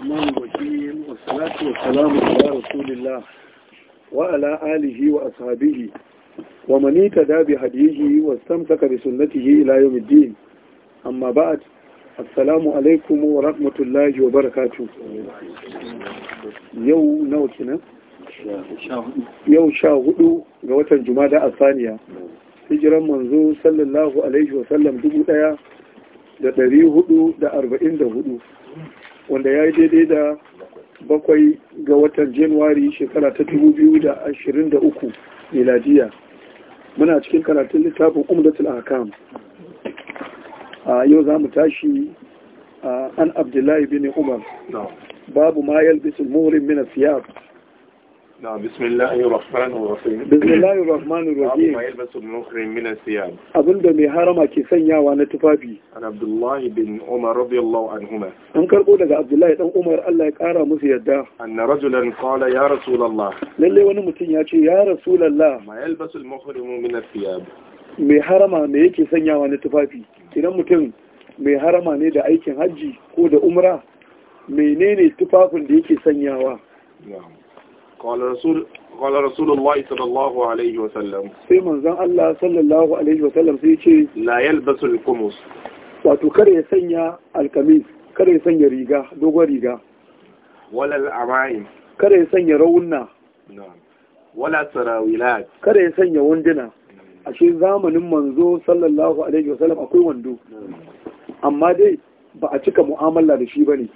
الرحمن الرحيم والصلاة والسلام على رسول الله وعلى آله وأصحابه ومن يتدى بهديه واستمسك بسنته إلى يوم الدين أما بعد السلام عليكم ورحمة الله وبركاته يو نوتنا يو شاغدو نوتا الجمادة الثانية هجرا منذ صلى الله عليه وسلم دبو da ɗari hudu da arba'in da hudu wanda ya yi daidai da bakwai ga watan januwari shekara ta da da ashirin 2023 miladiya muna cikin karatun littafin umdatul akam a yau za mu tashi an abdullahi bin umar babu mayar bisul murin mina asiyaf بسم الله الرحمن الرحيم بسم الله الرحمن الرحيم ما يلبس المحرم من الثياب أبن دمي هرما كسن يا تفافي أنا عبد الله بن عمر رضي الله عنهما أن كربو لك عبد الله بن عمر الله يقارى مسيدا أن رجلا قال يا رسول الله للي ونمتن يا رسول الله ما يلبس المحرم من الثياب mai harama me yake sanyawa na tufafi idan mutum mai harama ne da aikin hajji ko da umra menene tufafin da yake sanyawa قال رسول قال رسول الله صلى الله عليه وسلم sai manzon Allah sallallahu alaihi wasallam sai ce la yalbasu al-qumus wato kare ya sanya alkamis kare ya sanya riga dogon riga wala al-amain ya sanya raunna wala ya sanya wanduna ashe zamanin manzo sallallahu alaihi wasallam akwai wando amma dai ba a cika mu'amala da shi bane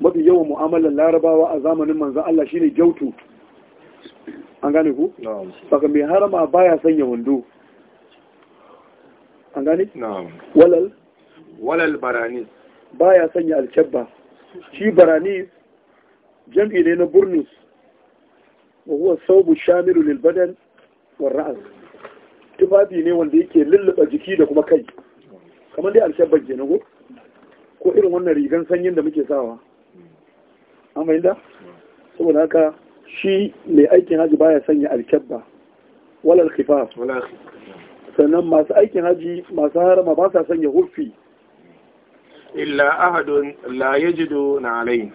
mafi yawan mu'amalar larabawa a zamanin manzon Allah shine jautu an gane ku saka mai harama baya sanya wando an gane walal walal barani baya sanya alkyabba shi barani jam'i ne na burnus wa huwa saubu shamiru lil badan wal tufafi ne wanda yake lulluɓa jiki da kuma kai kamar dai alkyabba ke ko ko irin wannan rigan sanyin da muke sawa an da? saboda haka shi mai aikin haji baya sanya alkyabba wala alkhifaf sannan masu aikin haji masu harama ba sa sanya hufi illa ahadun la yajidu na alayin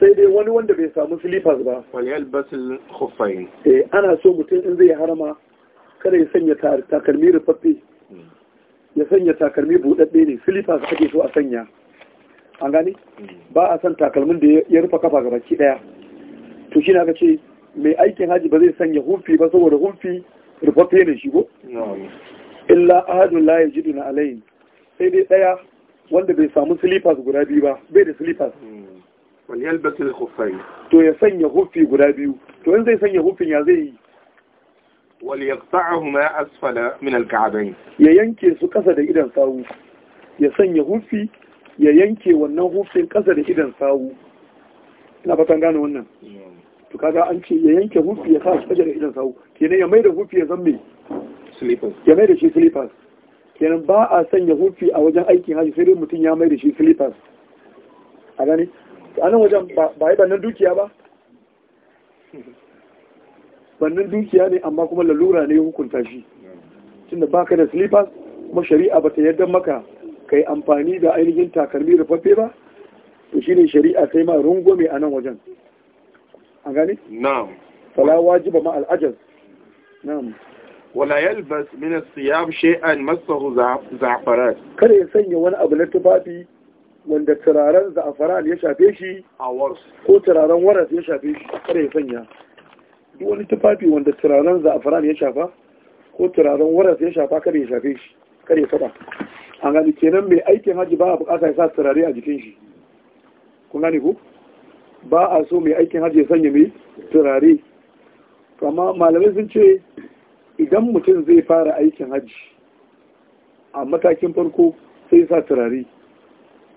sai dai wani wanda bai samu slippers ba wal yalbasul khuffain eh ana so mutum in zai harama kada ya sanya takalmi rufaffe ya sanya takalmi budadde ne slippers ake so a sanya an gani hmm. ba a san takalmin da ya rufa kafa gabaki ɗaya to shi aka ce mai aikin haji ba zai sanya hulfi ba saboda hulfi rufaffe ne shi ko illa ahadun la yajidu na alayin, sai dai daya wanda bai samu slippers guda biyu ba bai da slippers hmm. wani yalbas al to ya sanya hulfi guda biyu to in zai sanya hulfin ya zai yi ya wal yaqta'uhuma asfala min alka'adai ya yanke su kasa da idan sawu ya sanya hulfi ya yanke wannan hulfin kasa da idan sawu ina fatan gane wannan to kaga an ce ya yanke hufi ya sa shi da idan sau kenan ya mai da hufi ya zan me ya mai da shi slippers kenan ba a sanya hufi a wajen aikin haji sai dai mutum ya mai da shi slippers a gani a nan wajen ba yi bannan dukiya ba bannan dukiya ne amma kuma lalura ne ya hukunta shi tunda ba ka da slippers kuma shari'a ba ta yarda maka ka yi amfani da ainihin takalmi rufaffe ba to ne shari'a sai ma rungume a nan wajen an gani? na'am fala wajiba ma al'ajaz na'am wala yalbas min as-siyam shay'an masahu za'faran kada ya sanya wani abu na tufafi wanda turaren za'faran ya shafe shi a wars ko turaren waras ya shafe shi kada ya sanya duk wani tufafi wanda turaren za'faran ya shafa ko turaren waras ya shafa kada ya shafe shi kada ya saba an gani kenan mai aikin haji ba a bukata ya sa turare a jikin shi kun gane ku ba a so mai aikin hajji ya sanya mai turare kama malamai sun ce idan mutum zai fara aikin hajji a matakin farko sai sa turare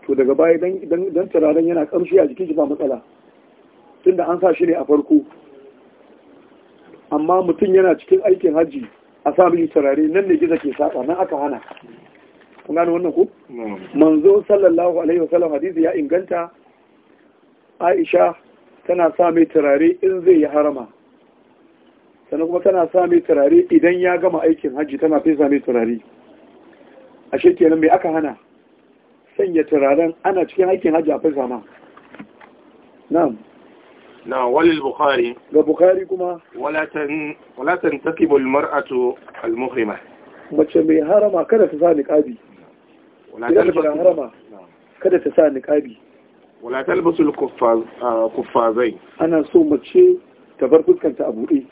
to daga baya dan turaren yana kamshi a jikin shi ba matsala tunda an sa shi ne a farko amma mutum yana cikin aikin hajji a sa mai turare nan ne gizo ke saba nan aka hana kun gane wannan ku manzo sallallahu alaihi wasallam hadisi ya inganta aisha tana sa mai turare in zai yi harama sannan kuma tana sa mai turare idan ya gama aikin hajji tana fesa mai turare ashe kenan mai aka hana sanya turaren ana cikin aikin hajji a fesa ma na'am na walil bukhari ga bukhari kuma walatan walatan taqibu al almuhrima mace mai harama kada ta sa niqabi walatan harama kada ta sa niqabi wala talbasul ah, kuffazai ana so mace ta bar fuskanta a buɗe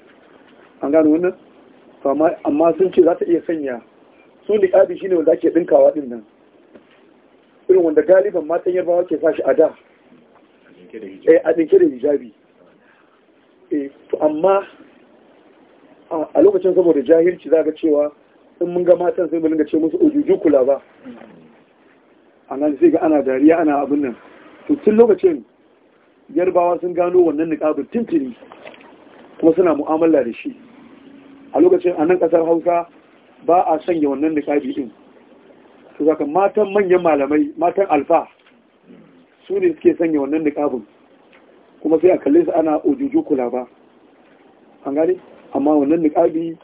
an gano wannan amma sun ce za ta iya sanya su shi ne wanda ake ɗinkawa ɗin nan irin wanda galiban matan yarbawa ke sashi a da eh, a ɗinke da hijabi eh, amma a lokacin saboda jahilci za ga cewa in mun ga matan sai mu dinga ce musu ojuju kula ba a nan sai ga ana dariya ana abin nan to tun lokacin yarbawa sun gano wannan niƙabin tintini kuma suna mu'amala da shi a lokacin a nan ƙasar hausa ba a sanya wannan niƙabi din to zaka matan manyan malamai matan alfa su ne suke sanya wannan niƙabin kuma sai a kalle su ana ojuju kula ba an gane amma wannan niƙabi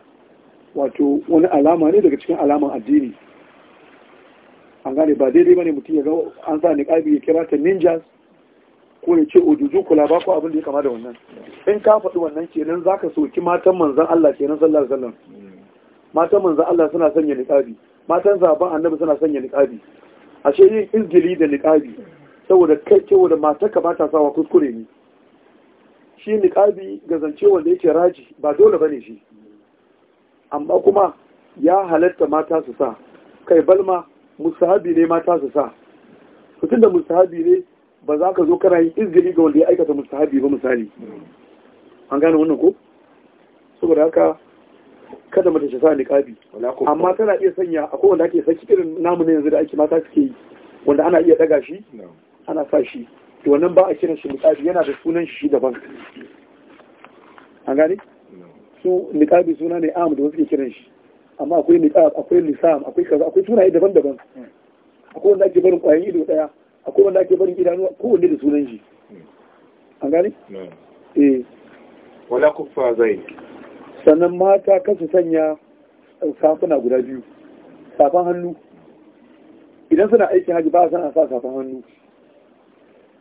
wato wani alama ne daga cikin alaman addini an gane ba daidai bane mutum ya ga an sa niqabi ya kira ta ninjas ko ya ce ojuju kula ba ko abin da ya kama da wannan in ka faɗi wannan kenan zaka soki matan manzon Allah kenan sallallahu alaihi wasallam matan manzon Allah suna sanya niqabi matan zaban annabi suna sanya niqabi ashe yin izgili da niqabi saboda kai da matar ka ba sawa kuskure ne shi niqabi ga zance wanda yake raji ba dole bane shi amma kuma ya halatta mata su sa kai balma musahabi ne mata su sa mutum da musahabi ne ba za ka zo kana yin izgiri ga wanda ya aikata musahabi ba misali an gane wannan ko saboda haka kada mata shi sa niqabi amma tana iya sanya akwai wanda ake saki irin namu ne yanzu da ake mata suke yi wanda ana iya daga shi ana sa shi to wannan ba a kiran shi niqabi yana da sunan shi daban an gane su niqabi suna ne am da wasu ke kiran shi amma akwai niqab akwai lisam akwai kaza akwai sunaye daban-daban akwai wanda ake barin ƙwayan ido daya akwai wanda ake barin idanu kowanne da sunan shi an gani hmm. eh wala kuffa zai sannan mata kasu sanya eh, safuna guda biyu safan hannu idan suna aikin haji ba sana sa safan hannu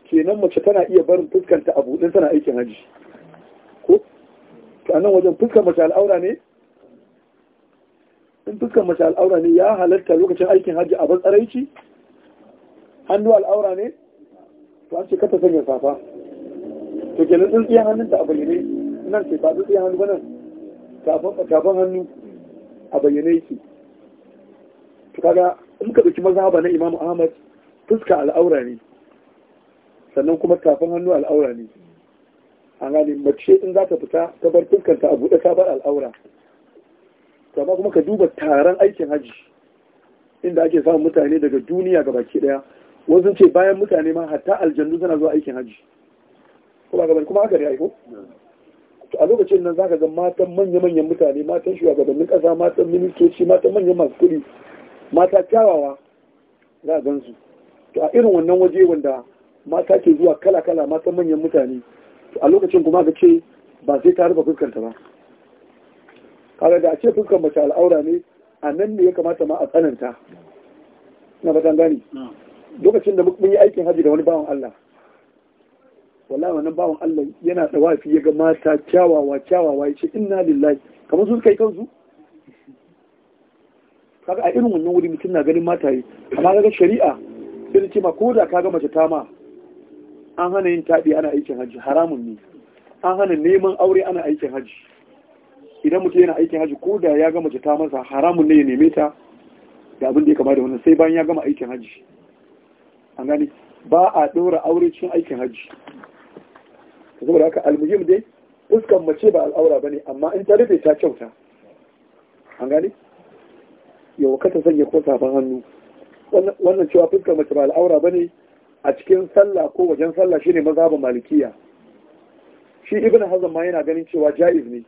kenan mace tana iya barin fuskanta abu din tana aikin haji ko ta nan wajen fuskar mace al'aura ne in dukkan mace al'aura ne ya halatta lokacin aikin hajji a batsaraici hannu al'aura ne to an ce kata sanya safa to kenan tsintsiyan hannun ta a bayyane nan ce ba tsintsiyan hannu ba nan tafan hannu a bayyane yake to kaga in ka ɗauki mazhaba na imam ahmad fuska al'aura ne sannan kuma kafin hannu al'aura ne an gane mace in za ta fita ta bar fuskanta a buɗe ta bar al'aura kama kuma ka duba taron aikin hajji inda ake samun mutane daga duniya ga baki daya wasu ce bayan mutane ma hatta aljannu suna zuwa aikin hajji kuma gaban kuma haka ne aiko a lokacin nan zaka ga matan manya-manyan mutane matan shugabannin kasa matan ministoci matan manyan masu kuɗi mata kyawawa za a gansu to a irin wannan waje wanda mata ke zuwa kala-kala matan manyan mutane a lokacin kuma ka ce ba sai ta rufe fuskanta ba kaga da ce fuskar mace al'aura ne a nan ne ya kamata ma a tsananta na fatan gani lokacin da mun yi aikin haji da wani bawan Allah wallahi wannan bawan Allah yana da wafi ya ga mata kyawawa kyawawa ya ce inna lillahi kamar sun kai kansu kaga a irin wannan wuri mutum na ganin mataye amma kaga shari'a sai da ce ma ko da kaga mace ta ma an hana yin taɗi ana aikin hajji haramun ne an hana neman aure ana aikin hajji idan mutum yana aikin haji ko da ya gama ta masa haramun ne ya neme ta da abin da ya kama da wannan sai bayan ya gama aikin haji an gani ba a ɗora aure cikin aikin haji saboda haka almuhim dai fuskan mace ba al'aura ba ne amma in ta rufe ta kyauta an gani yau ka sanya ko safan hannu wannan cewa fuskan mace ba al'aura ba ne a cikin sallah ko wajen sallah shine ba malikiya shi ibn hazan ma yana ganin cewa jaiz ne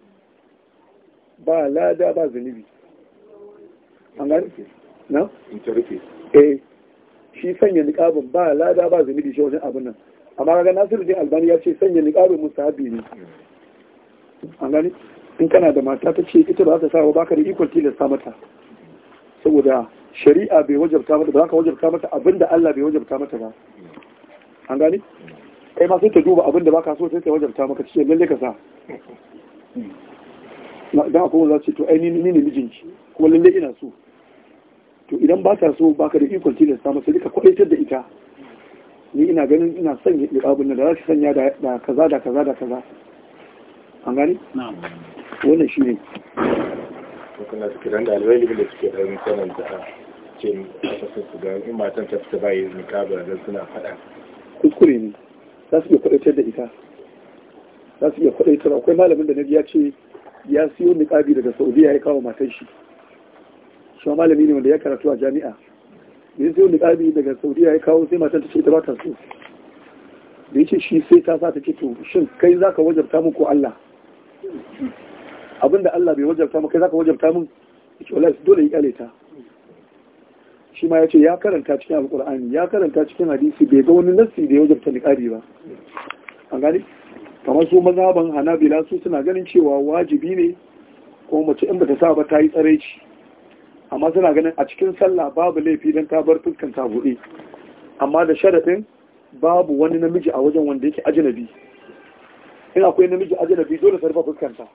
ba lada ba zunubi an gani na? eh shi sanya niƙabin ba lada ba zunubi shi wajen abin nan amma kaga nasiru jin albani ya ce sanya niƙabin musahabi ne an gani in kana da mata ta ce ita ba ta sa ba ka da ikon tilasta mata saboda shari'a bai wajabta mata ba za ka wajabta mata abinda Allah bai wajabta mata ba an gani kai ma sai ta duba abinda baka so sai ta wajabta maka cikin lalle ka sa don akwai za su to ai ni ne mijinki kuma lallai ina so to idan ba ta so ba ka da ikon tilasta masa rika kwaɗaitar da ita ni ina ganin ina son ya ɗira abin da za su sanya da kaza da kaza da kaza an gani? wannan shi ne kuna su kiran da alwai da suke ɗarin sanar da ce kasar su ga in matan ta fita ba yi nika ba da suna faɗa kuskure ne za su iya kwaɗaitar da ita za su iya kwaɗaitar akwai malamin da na biya ce ya siyo niƙabi daga saudiya ya kawo matan shi shi malami ne wanda ya karatu a jami'a ya siyo niƙabi daga saudiya ya kawo sai matan ta ce ta ba ta so da yake shi sai ta sa ta ce to shin kai za ka wajabta min ko Allah abinda Allah bai wajabta min kai za ka wajabta min yake wallahi dole ya kyale ta shi ma ya ce ya karanta cikin alkur'ani ya karanta cikin hadisi bai ga wani nassi da ya wajabta niƙabi ba an gani kamar su mazhaban hanabila su suna ganin cewa wajibi ne ko mace in bata sa ba ta yi tsareci amma suna ganin a cikin sallah babu laifi don ta bar fuskan ta buɗe amma da sharaɗin babu wani namiji a wajen wanda yake ajinabi in akwai namiji ajinabi dole sarfa ta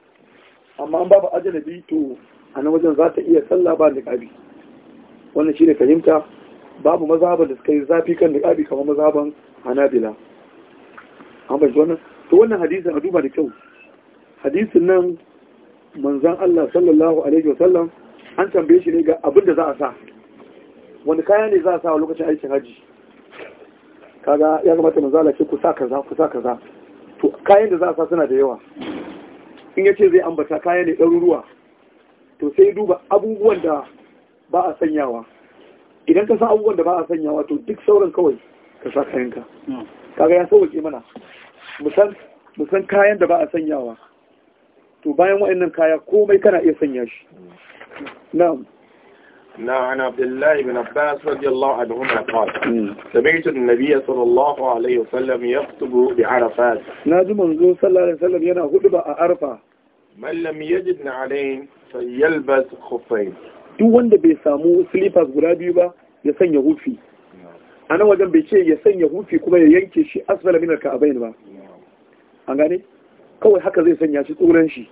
amma an babu ajinabi to a na wajen za ta iya sallah ba niƙabi wannan shi ne fahimta babu mazhaban da suka yi zafi kan niƙabi kamar mazhaban hanabila an bai wannan to wannan hadisin a duba da kyau hadisin nan manzan Allah sallallahu alaihi wasallam an tambaye shi ne ga abin da za a sa wani kaya ne za a sa a lokacin aikin haji kaga ya kamata manzo Allah ce ku sa kaza ku sa kaza to kayan da za a sa suna da yawa in yace zai ambata kaya ne ɗaruruwa to sai duba abubuwan da ba a sanyawa idan ka sa abubuwan da ba a sanyawa to duk sauran kawai ka sa kayanka hmm. kaga ya sauke mana musan kayan da ba a sanyawa to bayan wa'annan kaya komai kana iya sanya shi na'am na an abdullahi bin abbas radiyallahu anhu ma qala hmm. sami'tu an-nabiy sallallahu alaihi wasallam yaktubu bi arafat na ji manzo sallallahu alaihi wasallam yana huduba a arfa man lam yajid alayhi falyalbas khuffayn duk wanda bai samu slippers guda biyu ba ya sanya hufi a nan wajen bai ce ya sanya hufi kuma ya yanke shi asfala min al-ka'abain ba an gane kawai haka zai sanya shi tsoron shi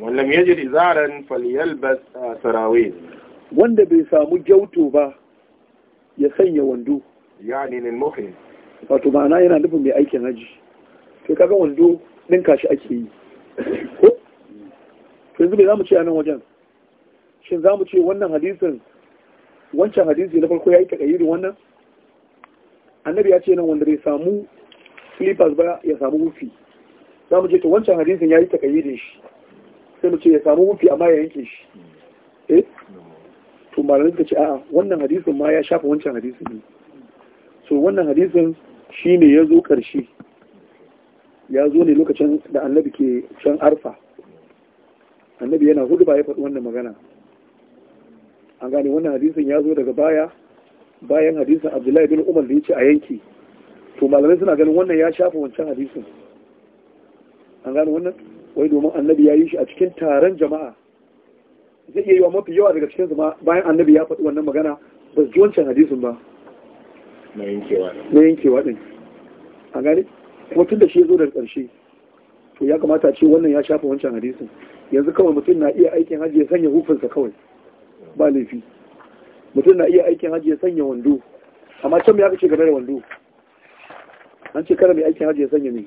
wallam yajid izaran falyalbas sarawin uh, wanda bai samu gyauto ba ya sanya wando yani lil muhrim wato ma'ana yana nufin mai aikin haji to kaga wando ɗinka shi ake yi ko to yanzu me zamu ce a nan wajen shin zamu ce wannan hadisin wancan hadisi na farko ya yi takayyiri wannan annabi ya ce nan wanda bai samu slippers ba ya samu wufi za mu je to wancan hadisin ya yi takayyidin shi sai mu ce ya samu mafi amma ya yanke shi eh to malamin ka ce a'a wannan hadisin ma ya shafa wancan hadisin ne so wannan hadisin ne ya zo karshe ya zo ne lokacin da annabi ke can arfa annabi yana hudu ba ya faɗi wannan magana an gane wannan hadisin ya zo daga baya bayan hadisin abdullahi bin umar da ya ce a yanki to malamai suna ganin wannan ya shafa wancan hadisin an gano wannan wai domin annabi ya yi shi a cikin taron jama'a zai iya yi wa mafi yawa daga cikin zama bayan annabi ya faɗi wannan magana ba su ji wancan hadisin ba na yankewa ɗin a gani kuma tun da shi ya zo daga ƙarshe to ya kamata ce wannan ya shafa wancan hadisin yanzu kawai mutum na iya aikin hajji ya sanya hufinsa kawai ba laifi mutum na iya aikin hajji ya sanya wando amma can aka ce game da wando an ce kada mai aikin hajji ya sanya ne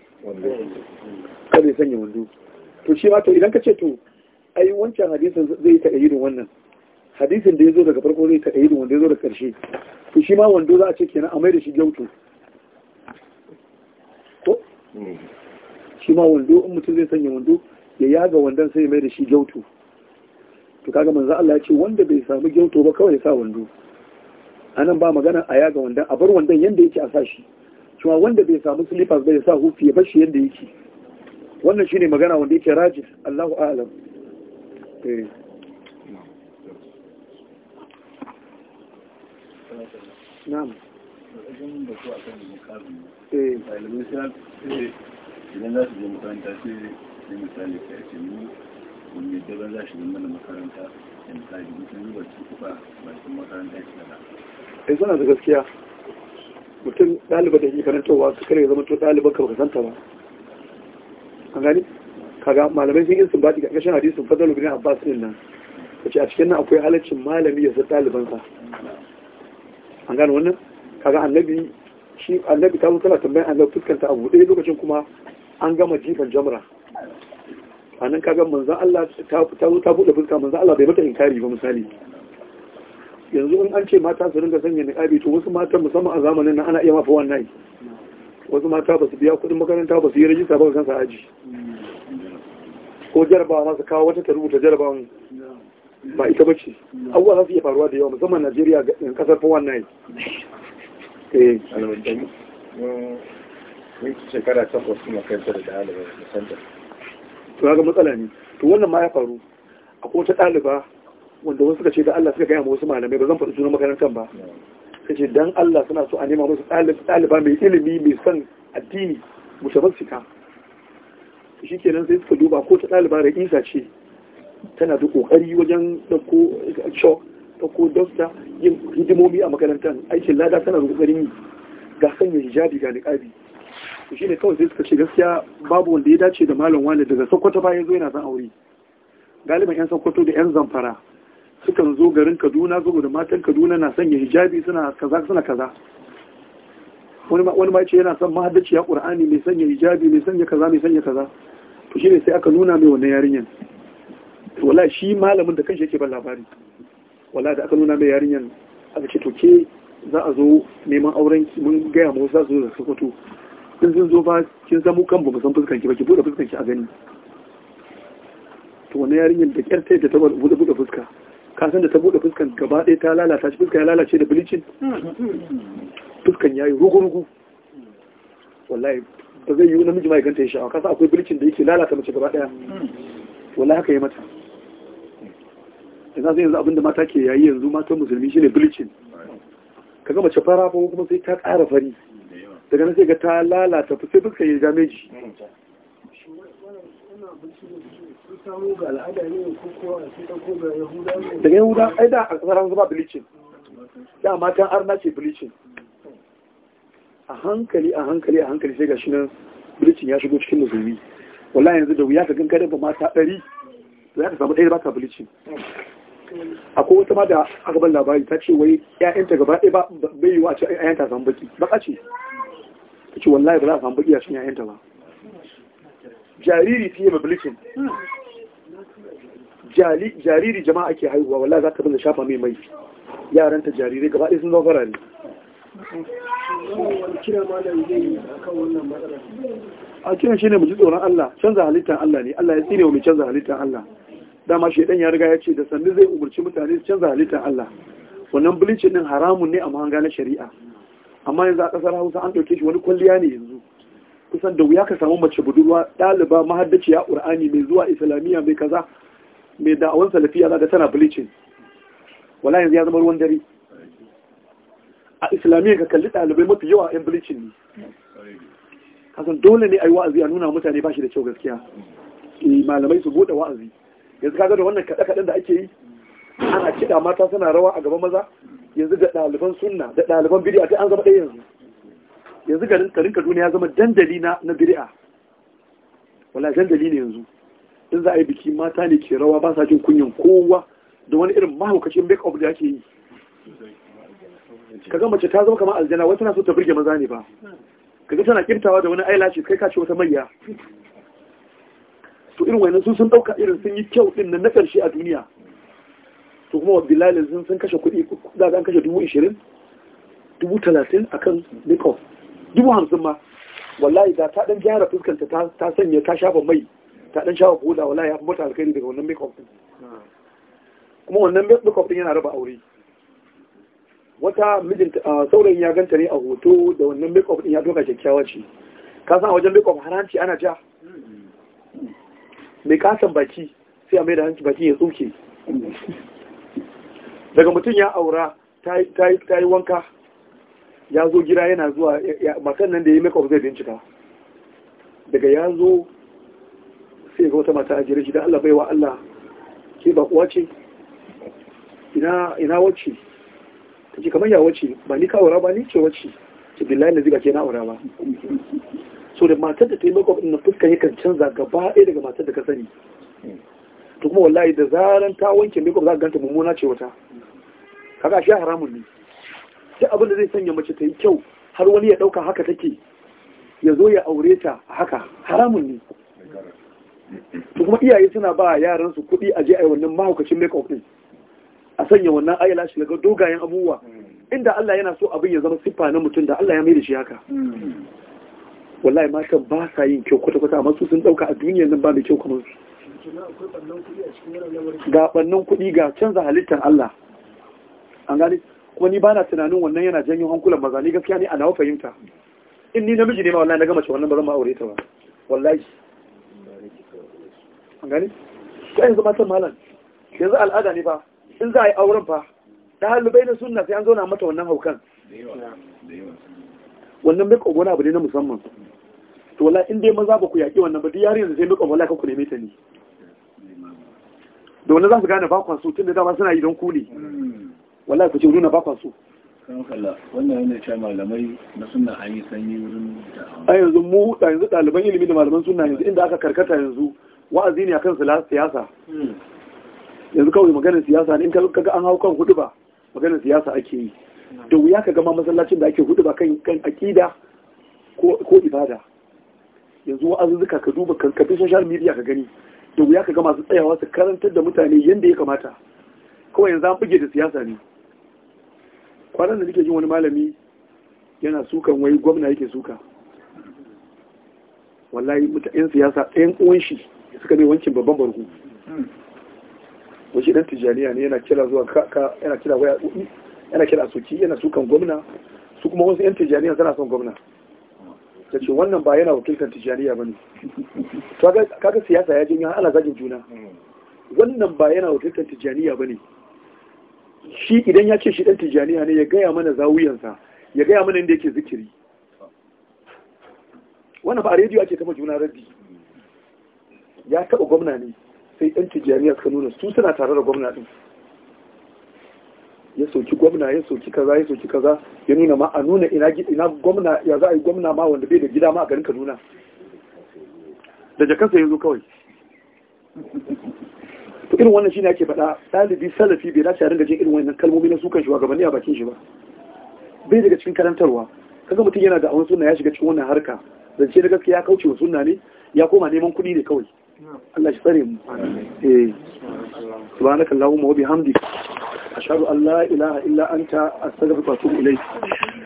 kada ya sanya wando to shi ma to idan ka ce to ai wancan hadisin zai ta irin wannan hadisin da ya zo daga farko zai ta irin wanda ya zo daga karshe to shi ma wando za a ce kenan a mai da shi gyautu ko shi ma wando in mutum zai sanya wando ya yaga wandon sai ya mai da shi gyautu to kaga manzo Allah ya ce wanda bai samu gyautu ba kawai ya sa wando anan ba magana a yaga wandon a bar wandon yanda yake a sa shi cewa wanda bai samu slippers bai sa hufi ya bashi yadda yake wannan shine magana wanda yake rajih Allahu a'lam eh na'am eh idan wanda za shi makaranta ba suna da gaskiya. mutum ɗaliba da ke karantarwa su kare zama to ɗaliban ka baka santa ba an gani kaga malamai sun yi sumbati ga ƙashin hadisun fadar bin abbas din nan ce a cikin nan akwai halaccin malami ya san ɗalibansa an gani wannan kaga annabi shi annabi ta tana tambayin annabi fuskanta abu ɗaya lokacin kuma an gama jifan jamra a nan kaga manzan Allah ta buɗe fuska manzan Allah bai mata inkari ba misali yanzu in an ce mata su ringa sanya niqabi to wasu mata musamman a zamanin nan ana iya mafi wannan wasu mata ba su biya kudin makaranta ba su yi rajista ba kansa aji ko jarabawa masu kawo wata ta rubuta jarabawan ba ita ba ce abubuwa za su iya faruwa da yawa musamman najeriya ga kasar fi wannan yi shekara takwas ga matsala ne to wannan ma ya faru akwai wata ɗaliba wanda wasu suka ce da Allah suka gaya wasu malamai ba zan faɗi sunan makarantar ba suka ce dan Allah suna so a nema musu ɗaliba mai ilimi mai son addini mutabassika shi kenan sai suka duba ko ta ɗaliba da isa ce tana da ƙoƙari wajen ɗauko chalk ɗauko dosta yin hidimomi a makarantar aikin lada tana da ƙoƙarin yi ga sanya hijabi ga niƙabi shi ne kawai sai suka ce gaskiya babu wanda ya dace da malam wani daga sokoto ya zo yana zan aure galiban yan sokoto da yan zamfara sukan zo garin kaduna da matan kaduna na sanya hijabi suna kaza suna kaza wani ma ce yana son mahaddaciya ƙur'ani mai sanya hijabi mai sanya kaza mai sanya kaza to shine sai aka nuna mai wannan yarinyar wala shi malamin da kanshi yake ban labari wala da aka nuna mai yarinyar aka ce to ke za a zo neman auren ki mun gaya mu za su zo da sokoto Kin sun zo ba kin zamo kan ba san fuskan ki ba ki bude fuskan ki a gani to wannan yarinyar da kyar sai da ta bude fuska kasan da ta bude fuskan gaba ɗaya ta lalata shi fuskan ya lalace da bilicin fuskan ya yi rugu-rugu wallahi ba zai yi namiji ma ya ganta ya sha'awa kasan akwai bilicin da yake lalata mace gaba ɗaya wallahi haka yi mata ina zai yanzu abinda mata ke yayi yanzu matan musulmi shine bilicin ga mace fara ko kuma sai ta ƙara fari daga nan sai ga ta lalata sai fuskan ya dameji daga yahuda ai da a tsaron zuba bilicin da matan arna ce bilicin a hankali a hankali a hankali sai ga shi nan bilicin ya shigo cikin musulmi wala yanzu da wuya ka gan kadan ba mata ɗari da ya ka samu ɗaya ba ta bilicin ko wata ma da aka ban labari ta ce wai ƴaƴanta gaba ɗaya ba bai yi wa ce ƴaƴanta samu baki baka ce ta ce wallahi ba za a samu baki a cikin ƴaƴanta ba jariri fiye bilicin. jariri jama'a ke haihuwa wala za ka bin da shafa mai mai yaranta jariri? gaba ɗaya sun zo fara ne a kiran shi ne mu ji tsoron Allah canza halittar Allah ne Allah ya tsine wa mai canza halittar Allah dama ɗan ya riga ya ce da sannu zai umarci mutane su canza halittar Allah wannan bilicin din haramun ne a mahanga na shari'a amma yanzu a ƙasar hausa an ɗauke shi wani kwalliya ne yanzu kusan da wuya ka samu mace budurwa ɗaliba mahaddaciya ƙur'ani mai zuwa islamiyya mai kaza mai awon salafiya za tana bleaching wala yanzu ya zama ruwan dare a islamiyya ka kalli ɗalibai mafi yawa yan bleaching ne kasan dole ne a yi wa'azi a nuna mutane ba shi da kyau gaskiya eh, malamai su buɗe wa'azi yanzu ka da wannan kaɗe-kaɗen da ake yi ana kiɗa mata suna rawa a gaban maza yanzu da ɗaliban sunna da ɗaliban bidiya ta an zama ɗaya yanzu yanzu garin karin Kaduna ya zama dandali na na bid'a wala dandali ne yanzu in za a yi biki mata ne ke rawa ba sa jin kunyan kowa da wani irin mahaukacin make up da ake yi kaga mace ta zama kamar aljana wata na so ta burge maza ne ba kaga tana kirtawa da wani eyelash kai ka ce wata mayya to irin wani sun sun dauka irin sun yi kyau din nan na karshe a duniya to kuma bilalin sun sun kashe kuɗi da an kashe dubu ishirin dubu talatin akan make up dubu hamsin ma wallahi da ta dan gyara fuskanta ta sanya ta shafa mai ta dan shafa bola wallahi ya mota alkhairi daga wannan makeup din kuma wannan makeup din yana raba aure wata mijin ah, saurayin ya ganta ne a hoto da wannan makeup din ya doka kyakkyawa ce ka san a wajen makeup haranci ana ja mai kasan baki sai a mai da hanci baki ya tsoke daga mutum ya aura ta yi wanka ya zo gida yana zuwa matan nan da ya yi make zai bincika daga ya zo sai ga wata mata a jere shi da Allah baiwa Allah ke ba kuwa ce ina wacce ta ce kamar ya wacce ba ni ka ba ni ce wacce ce billahi na ziga ke na aura ba so da matar da ta yi makon din na fuska yakan canza gaba ɗaya daga matar da ka sani to kuma wallahi da zaran ta wanke makon za ka ganta mummuna ce wata kaga shi haramun ne duk abin da zai sanya mace ta yi kyau har wani ya ɗauka haka take ya zo ya aure ta haka haramun ne to kuma iyaye suna ba yaran su kuɗi a je a yi wannan mahaukacin make up din a sanya wannan ayyala shi daga dogayen abubuwa inda Allah yana so abin ya zama siffa na mutum da Allah ya mai da shi haka wallahi matan ba sa yin kyau kwata-kwata amma su sun ɗauka a duniyar nan ba da kyau kamar su ga ɓannan kuɗi ga canza halittar Allah an gani kuma ni bana tunanin wannan yana janyo hankulan maza ni gaskiya ni a nawa fahimta in ni namiji ne ma wallahi na gama ce wannan ba zan ma aure ta ba wallahi an gani ta yanzu matan malam yanzu al'ada ne fa in za a yi auren fa ta bai na sunna sai an zauna mata wannan haukan wannan bai kogona abu ne na musamman to wala in dai maza ba ku yaƙi wannan ba duk yariyar da zai bai kogon ku neme ta ne da wani za su gane bakon su tun da dama suna yi don ku ne wallahi ku ce nuna ba kwa wannan yana cewa malamai na an yi sanyi wurin a yanzu mu yanzu ɗaliban ilimi da malaman suna yanzu inda aka karkata yanzu wa'azi ne akan siyasa hmm. yanzu kawai maganar siyasa ne in ka kaga an hau kan hudu ba maganar siyasa ake yi hmm. da wuya ka gama masallacin da ake hudu ba kan kan akida ko ibada yanzu wa'azuzzuka ka duba ka bi social media ka gani da wuya ka gama su tsayawa su karantar da mutane yadda ya kamata kawai yanzu an buge da siyasa ne kwanan da nike jin wani malami yana sukan wai gwamna yake suka wallahi yan siyasa ɗayan uwan shi suka ne wancin babban barku wasu ɗan tijaniya ne yana kira zuwa kaka yana kira waya yana kira soki yana sukan gwamna su kuma wasu yan tijaniya suna son gwamna ta ce wannan ba yana wakiltar tijaniya ba ne kaga siyasa ya jin yana ana zagin juna wannan ba yana wakiltar tijaniya ba ne shi idan ya ce shi ɗan tijaniya ne ya gaya mana zawuyansa ya gaya mana inda yake zikiri wannan ba a rediyo ake kama juna rabbi. ya taɓa gwamna ne sai ɗan tijjaniya suka nuna su suna tare da gwamna ɗin ya soki gwamna ya soki kaza ya soki kaza ya nuna ma a nuna ina gwamna ya za a yi gwamna ma wanda bai da gida ma a garin kaduna da jakansa ya zo kawai to irin wannan shi ne ake faɗa ɗalibi salafi bai dace a ringa jin irin wannan kalmomi na sukan shugabanni a bakin shi ba bai daga cikin karantarwa kaga mutum yana da awon suna ya shiga cikin wannan harka zance na gaskiya ya kauce wa suna ne ya koma neman kuɗi ne kawai Allah shi tsare mu eh allahumma wa bihamdika ashhadu an la ilaha illa anta astaghfiruka wa atubu ilayk